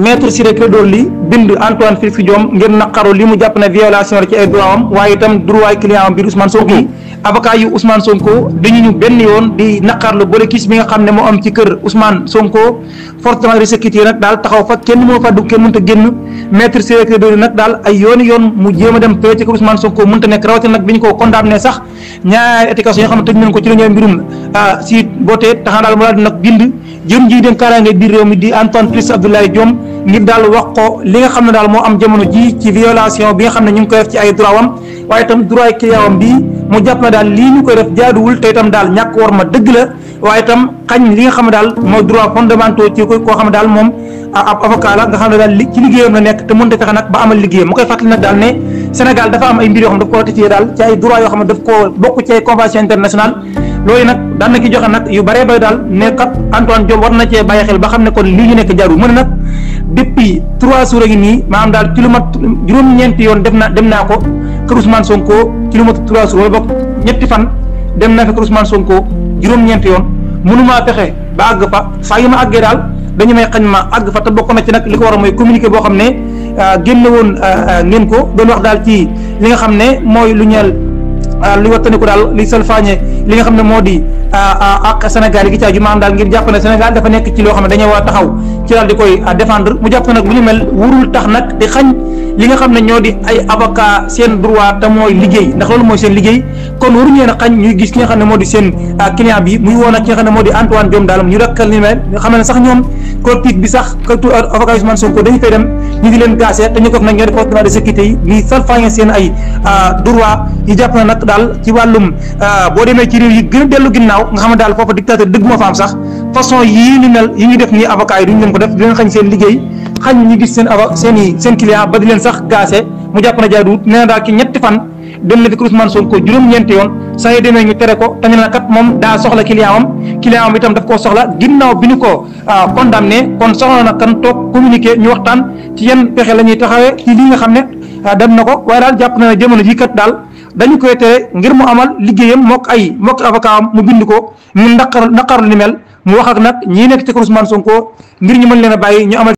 maître Ciré Clédor bind Antoine Félix Diome ngir naqaru li mu jàpp ne violation la ci ay droit am waaye itam droit client am biir Ousmane Sonko yi mm-hmm. avocat yu Ousmane Sonko dañu ñu yoon di nak karlo bi nga xam am ci kër Ousmane Sonko fortement de sécurité yi nag daal taxaw fa kenn mënu fa dugg kenn mënta génn maître Ciré Clédor Ly nag ay yooni yoon mu jéem a dem tey ci kër Ousmane Sonko mënta nekk rawatina ko condamné sax ñaari éducation yoo xam ne nañ ko ci ah, si botet taxaa mula mu di bind jëm ji dem kaaraange biir réew mi di Antoine Félix Abdoulaye Diome ngir daal wax ko li nga xam ne daal moo am jamono ji ci violation bi nga xam ne ñu ngi koy def ci ay droit wam waaye itam droit client wam lii ñu koy def jaaduwul te itam daal ñàkk war ma dëgg la waaye itam xañ li nga xam ne daal mooy droit fondamentaux ci ko koo xam ne daal moom ab avocat la nga xam ne daal li ci liggéeyam la nekk te mënut a fexe nag ba amal liggéeyam mu koy fàttali nag daal ne Sénégal dafa am ay mbir yoo xam daf ko ratifié daal ci ne daf ko bokk ci ay convention internationale loolu nag daan na ki joxe nag yu baree bay daal ne kat Antoine Diome war na cee bàyyi xel ba xam ne kon lii ñu nekk jaru mu na nag depuis trois jours yi nii maanaam daal ci lu juróom-ñeenti yoon def na dem naa ko kër Ousmane Sonko ci lu mat trois jours wala fan dem naa fi kër Ousmane Sonko juróom-ñeenti yoon mënumaa fexe ba àgg fa saa yu ma àggee daal dañu may xañ ma àgg fa te bokk na ci nag li ko war a mooy communiqué boo xam ne euh, génne woon euh, euh, ngeen ko doon wax daal ci li nga xam ne mooy lu ñeel li wattandiku daal li salfaañe li nga xam ne moo di ak Sénégal yi gi caaju maam daal ngir jàpp ne Sénégal dafa nekk ci loo xam ne dañoo war a taxaw ci daal di koy défendre mu jàpp nag bu ñu mel wurul tax nag di xañ li nga xam ne ñoo di ay avocat seen droit te mooy liggéey ndax loolu mooy seen liggéey kon waruñu ñu a xañ ñuy gis ki nga xam ne moo di seen client bi muy woon ak ki nga xam ne moo di Antoine Diome daal ñu dakkal ni mel xam ne sax corpic bi sax surtout avocat Ousmane Sonko dañu fay dem ñu di leen gaase te ñu ko nag ñooy def ordonnance jàpp na nag daal ci wàllum ah, boo demee ci réew yi gën a dellu ginnaaw nga xam ne daal foofa dictateur dëgg moo fa am sax façon yii ni mel yi ñu def nii avocat yi duñu leen ko def di leen xañ seen liggéey xañ ñu gis seen avo ba di leen sax gaase mu jàpp na jaay duut nee na daal ki ñetti fan delloo fi ko Ousmane Sonko juróom-ñeenti yoon saa yu demee ñu tere ko tamit nag kat moom daa soxla client am client am itam daf koo soxla ginnaaw bi ñu ko ah, condamné kon soxla na kan toog communiqué ñu waxtaan ci yan pexe la ñuy taxawee ci li nga xam ne ah, dem na ko waaye daal jàpp na ne jamono jii kat daal dañu koy tere ngir mu amal liggéeyam mook ay mook avocat am mu bind ko mu naqar naqaru li mel mu wax ak nag ñii nekk ci Ousmane Sonko ngir ñu mën leen a bàyyi ñu amal.